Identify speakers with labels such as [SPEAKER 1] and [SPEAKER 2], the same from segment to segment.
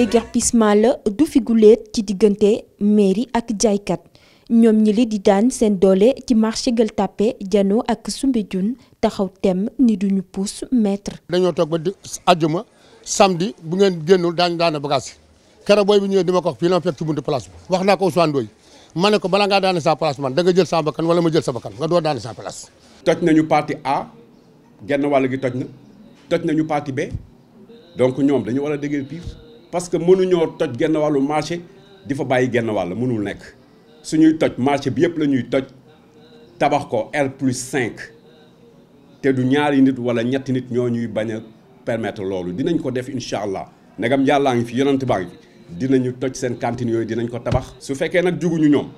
[SPEAKER 1] déguerpissement la du fi guléet ci digënté mairie ak jaykat ñom ñi li di daan seen doolé ci marché gël tapé jano ak jun taxaw tem ni duñu puus maître
[SPEAKER 2] dañu tok ba aljuma samedi bu ngeen génnul daañu daana bagage kéro boy bu ñëw dima ko fi fii la ma ci buntu place waxna ko Ousmane doy mané ko bala nga daane sa place man da nga jël sa bakkan wala ma jël sa bakkan nga do daane sa place toj nañu parti A genn wàll
[SPEAKER 3] gi toj na toj nañu parti B donc ñom dañu wala a parce que mënuñoo toj genn walu marché di fa bàyyi genn wàll mënul nekk suñuy toj marché bi yépp la ñuy toj tabax ko R plus 5 te du ñaari nit wala ñetti nit ñoo ñuy bañ a permettre loolu dinañ ko def incha allah ndegam yàllaa ngi fi yonent baa ngi fi dinañu toj seen cantine yooyu dinañ ko tabax. su fekkee nag juguñu ñoom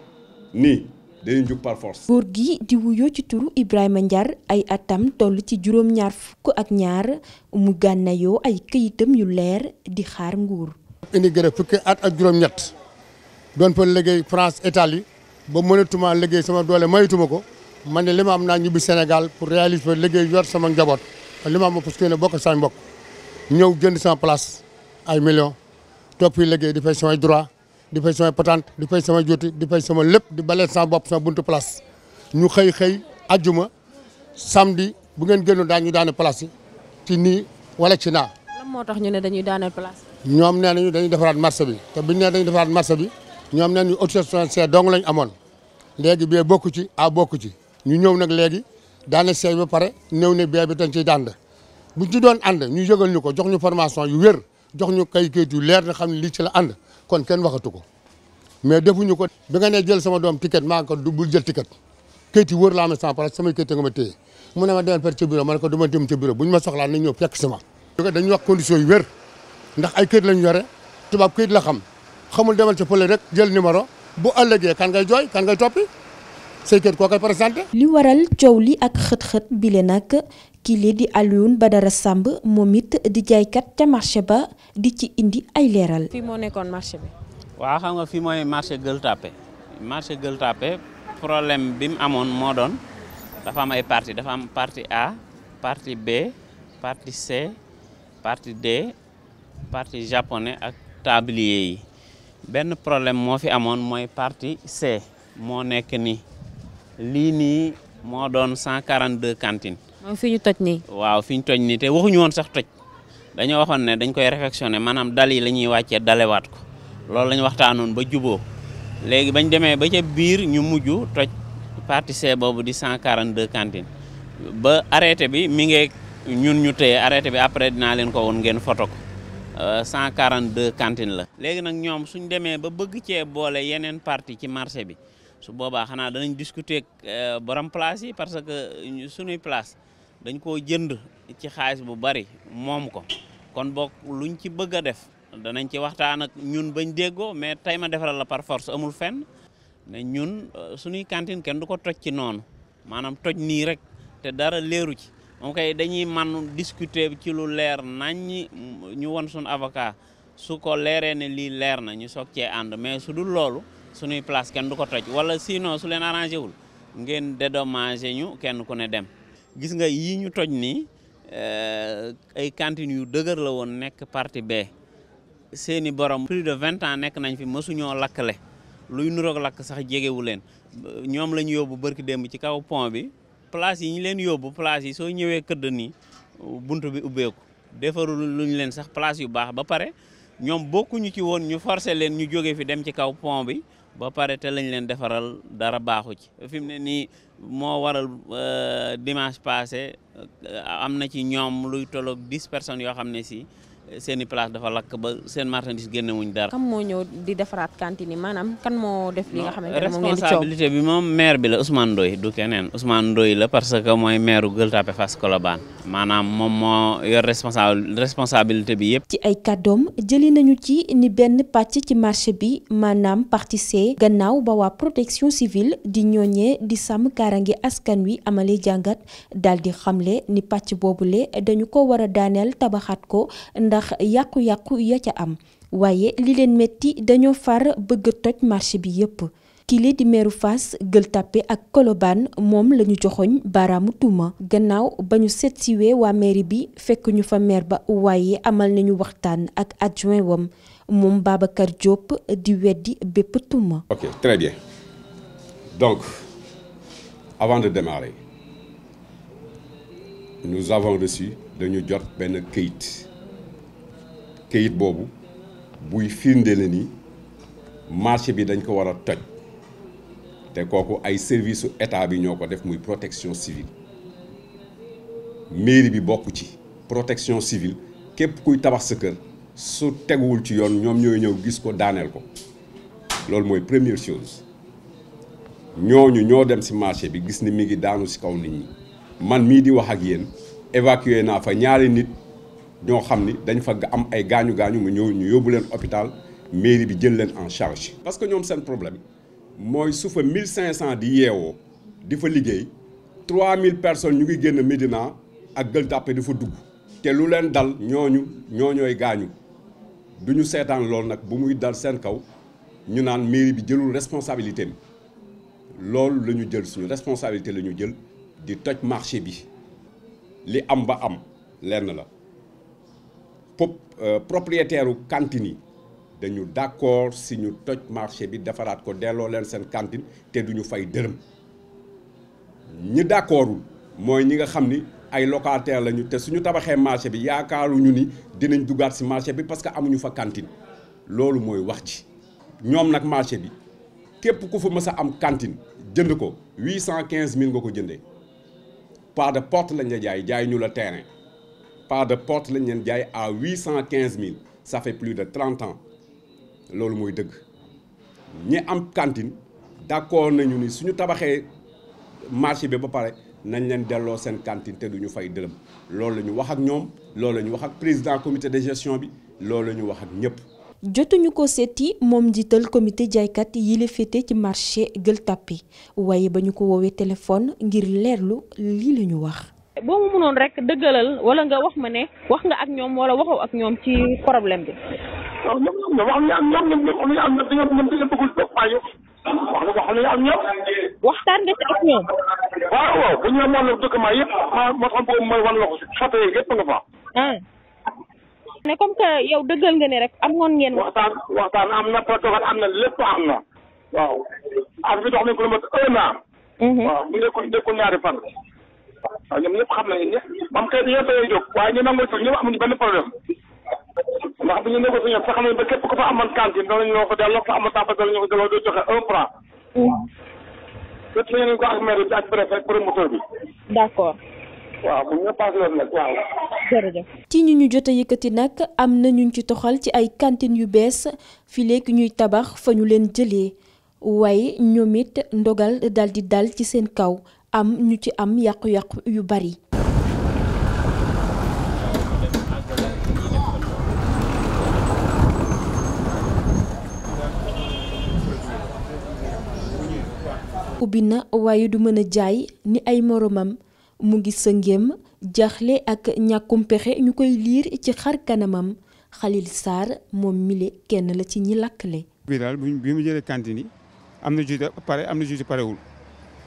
[SPEAKER 3] nii. dañu jug par force.
[SPEAKER 1] góor gi di wuyoo ci turu Ibrahima Ndiar ay atam toll ci juróom-ñaar fukk ak ñaar mu gànnayoo ay këyitam yu leer di xaar nguur. indi
[SPEAKER 2] gërë fukki at ak juróom-ñett doon fa liggéey France Italie ba mënatuma liggéey sama doole mayituma ko man ne li ma am naa ñibbi Sénégal pour réaliser fa liggéey yor sama njaboot li ma am parce que ne bokk saa mbokk ñëw jënd sama place ay millions topp fi liggéey di fay samay droit di fay sama patante di fay sama joti di fay sama lepp di balé sama bop sama buntu place ñu xey xey aljuma samedi bu ngeen génnoon daañu daane place ci ni wala ci na
[SPEAKER 1] lam motax ñu ne dañuy daaneel place.
[SPEAKER 2] ñom neena ñu dañuy defaraat marché bi te buñ ne dañuy defaraat marché bi ñom neen ñu autorisation autosuffisance dong lañ amone légui bi bokku ci a bokku ci ñu ñew nak légui daane sey ba paré new ne bébé tan ci dand bu ci doon and ñu yëgal ñuko jox ñu formation yu wër jox ñu kay kay du lèr na xamni li ci la and kon kenn waxatu ko mais defuñu ko bi nga nee jël sama doom ticket maa ko bul jël ticket kayit yi wër laa amee sans parce que samay kayit nga ma téye mu ne ma demal per ca ma ne ko du ma dem ca bureau bu ñu ma soxlaa nañ ñëw fekk sama dañu wax condition yu wér ndax ay kayit lañ yore tubaab kayit la xam xamul demal ca pële rek jël numéro bu ëllëgee kan ngay jooy kan toppi saykat koo koy présenté.
[SPEAKER 1] li waral coow li ak xët-xët bile nag kii lii di Alioune Badara Samb moom it di jaaykat ca marché ba di ci indi ay leeral. fii moo nekkoon marché bi.
[SPEAKER 4] waa xam nga fi mooy marché Gueule Tapée marché Gueule problème bi amoon moo doon dafa am ay parti dafa am parti A parti B parti C parti D parti japonais ak tablier yi benn problème moo fi amoon mooy parti C moo nekk nii. lii nii moo doon 142 cantines.
[SPEAKER 1] moom fi ñu toj nii.
[SPEAKER 4] waaw fi ñu toj nii te waxuñu woon sax toj dañoo waxoon ne dañ koy réfectionné maanaam dal yi la ñuy wàccee dalewaat ko loolu la ñu waxtaanoon ba juboo léegi bañ demee ba ca biir ñu mujj toj partie C boobu di deux cantines ba arrêté bi mi ngi ñun ñu téye arrêté bi après dinaa leen ko woon ngeen euh, cent quarante deux cantines la. léegi nag ñoom suñ demee ba bëgg cee boole yeneen partie ci marché bi. su boobaa xanaa danañ discuter ak euh, borom place yi parce que suñuy place dañ koo jënd ci xaalis bu bari moom ko kon book lu luñ ci bëgg a def danañ ci waxtaan ak ñun bañ déggoo mais tey ma defaral la par force amul fenn ne ñun euh, suñuy cantine kenn du ko toj ci noonu maanaam toj nii rek te dara leeru ci moom kay dañuy man discuter ci lu leer nañ ñu won sun avocat su ko leeree ne lii leer na ñu soog cee ànd mais su dul loolu suñuy place kenn du ko toj wala sinon su leen arrangé wul ngeen dédommagé ñu kenn ku ne dem gis nga yii ñu toj nii eh, ay cantines yu dëgër la woon nekk parti be seeni borom plus de vingt ans nekk nañ fi mësuñoo lakkale luy nuroog lakk sax jegewu leen ñoom la ñu yóbbu bërki démb ci kaw pont bi place yi ñu leen yóbbu place yi soo ñëwee këdd nii bunt bi ubbeeku defarul luñ leen sax place yu baax ba pare ñoom bokkuñu ci woon ñu forcé leen ñu jóge fi dem ci kaw pont bi ba pare te lañ leen defaral dara baaxu ci fi mu ne nii moo waral euh, dimanche passé euh, am na ci ñoom luy tolloog dix personnes yoo xam ne si seni i place dafa lak ba sen marchandise génne wuñ dar kam
[SPEAKER 1] mo ñew di defarat cantine manam kan mo def li nga xamantene mo ngeen ci coow responsabilité
[SPEAKER 4] bi mom maire bi la Ousmane Ndoye du kenen Ousmane Ndoye la parce que moy maire Gueule Tapée Fass Colobane manam mom mo yor responsable responsabilité bi yépp ci
[SPEAKER 1] ay kàddoom jëli nañu ci ni benn patch ci marché bi manam partie C gannaaw ba wa protection civile di ñoñé di sam karangi askan wi amalé jangat daldi xamlé ni patch bobulé dañu ko wara daanel tabaxat ko ndax ndax yàqu-yàqu ya ca am waaye li leen metti dañoo far bëgg a toj marché bi yépp kile di meeru fas Gueule tapé ak koloban moom lañu joxoñ baaraamu tuuma gannaaw bañu ñu seet mairie bi fekk ñu fa maire ba waaye amal nañu waxtaan ak adjoint Wom moom Babacar Diop di weddi bépp tuuma.
[SPEAKER 3] ok très bien donc avant de démarrer nous avons reçu dañu jot benn këyit. kayit boobu buy firnde la ni marché bi dañ ko war a toj te kooku ay service su état bi ñoo ko def muy protection civile mairie bi bokk ci protection civile képp kuy tabax sa kër su teguwul ci yoon ñoom ñooy ñëw gis ko daaneel ko loolu mooy premier chose ñooñu ñoo dem ci marché bi gis ni mi ngi daanu ci kaw nit ñi man mii di wax ak yéen évacué naa fa ñaari nit ñoo xam dañ fa am mairie en charge. parce que ñoom seen problème mooy su 1500 di yeewoo di fa 3000 personnes ñu ngi génn Médina ak Nous avons di dugg te lu dal ñooñu ñooñooy gaañu Nous seetaan loolu bu muy dal seen kaw ñu mairie bi jëlul responsabilité le loolu la jël responsabilité la jël di marché bi li am ba am pop euh, propriétaire u cantine yi dañu d'accord si ñu toj marché bi defaraat ko delloo leen seen cantine te du ñu fay dërëm ñi d'accordul mooy ñi nga xam ni ay locataire lañu te suñu tabaxee marché bi yaakaaruñu ni dinañ dugaat si marché bi parce que amuñu fa cantine loolu mooy wax ci ñoom nag marché bi képp ku fa mës a am cantine jënd ko cent 815 000 nga ko jëndee pas de porte lañ la jaay jaay ñu la terrain. de porte à 815 000, ça fait plus de 30 ans C'est mooy dëgg ñi am cantine d'accord nañu ni suñu le marché bi ba pare nañ leen delloo seen cantine te duñu fay nous loolu nous avons wax ak président comité de gestion bi avons nous wax ak
[SPEAKER 1] ko mom comité yi fété ci marché geul bañu ko wowe téléphone ngir boo mu mënoon rek dëggalal wala nga wax ma ne wax nga ak ñoom wala waxoo ak ñoom ci problème bi. waaw ñoom ñoom wax nañu ak ñoom ñoom ñoom wax nañu ak ñoom dañoo bëggul toog wax na wax nañu ak ñoom. waxtaan nga ci ak ñoom.
[SPEAKER 2] waaw waaw bu ñu la moom document yëpp ah moo
[SPEAKER 1] ne ah. comme que yow dëggal nga ne rek amoon ngeen. waxtaan waxtaan am na protocole am na lépp am na. waaw. am fi dox nañu ko lu
[SPEAKER 2] mat un an. Mhm. waaw fan. waaw ñoom ñëpp xam nañu ñëpp benn problème ndax bu ñu nangu si képp ku fa amoon cantine danañ la ko delloo fa amoon tàmpa nañu ne ko ak ak préfet ak promoteur
[SPEAKER 1] nag ci ñu ñu jot yëkkati nag am na ñu ci toxal ci ay cantines yu bees fi léegi ñuy tabax fa ñu leen jëlee waaye ñoom ndogal daldi di dal ci seen kaw am ñu ci am yàqu-yàqu yu bari. ubbi na waaye du mën a jaay ni ay moroomam mu ngi sëngéem jaaxle ak ñàkkum pexe ñu koy liir ci xar kanamam Khalil Sarr moom mile kenn la ci ñi lakkle.
[SPEAKER 5] bi daal bi mu jëlee cantine am na ju pare am na ju parewul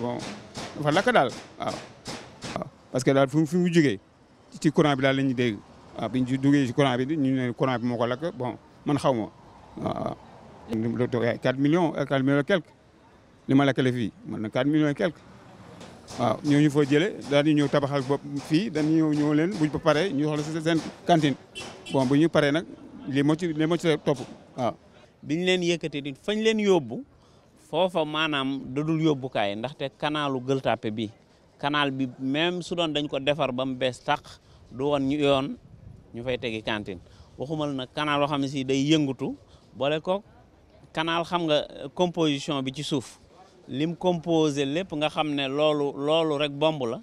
[SPEAKER 5] bon dafa lakk daal waaw. waaw parce que daal fu mu fu mu jógee ci courant bi daal la ñuy dégg waaw bi ñu ci duggee ci courant bi ñu ne courant bi moo ko lakk bon man xaw ma waaw. lu toog ay 4 millions et millions quelque li ma lakkale fii man na 4 millions et quelque. waaw ñooñu foo jëlee daal di ñëw tabaxal bopp fii dañu ñëw ñëw leen buñ ba paree ñu xool si seen cantine bon bu ñu paree nag lii moo ci lii moo ci topp
[SPEAKER 4] waaw. biñ leen yëkkatee fañ leen yóbbu. foofa maanaam dadul yóbbukaay ndaxte kanaalu gëltappe bi kanaal bi même su dañ ko defar ba mu bees tàq du woon ñu yoon ñu fay tegi cantine waxumal na kanaal loo xam ne si day yëngatu boole ko kanaal xam nga composition bi ci suuf lim composé lépp nga xam ne loolu loolu rek bomb la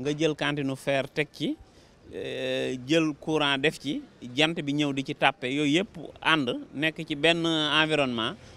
[SPEAKER 4] nga jël cantine fer teg ci eh, jël courant def ci jant bi ñëw di ci tàppe yooyu yëpp ànd nekk ci benn environnement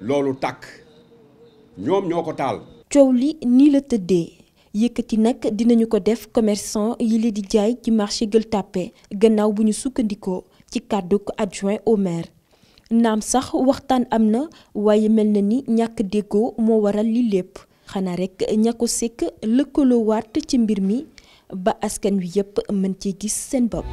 [SPEAKER 3] loolu tàkk ñoom ñoo ko taal.
[SPEAKER 1] coow li nii la tëddee. yëkkati nag dinañu ko def commerçant yi li di jaay ci marché Gueule Tapée gannaaw bu ñu sukkandikoo ci kàddu ko adjoint au maire naam sax waxtaan am na waaye mel na ni ñàkk déggoo moo waral li lépp xanaa rek ña ko sekk lëkkaloo waat ci mbir mi ba askan wi yépp mën ci gis seen bopp.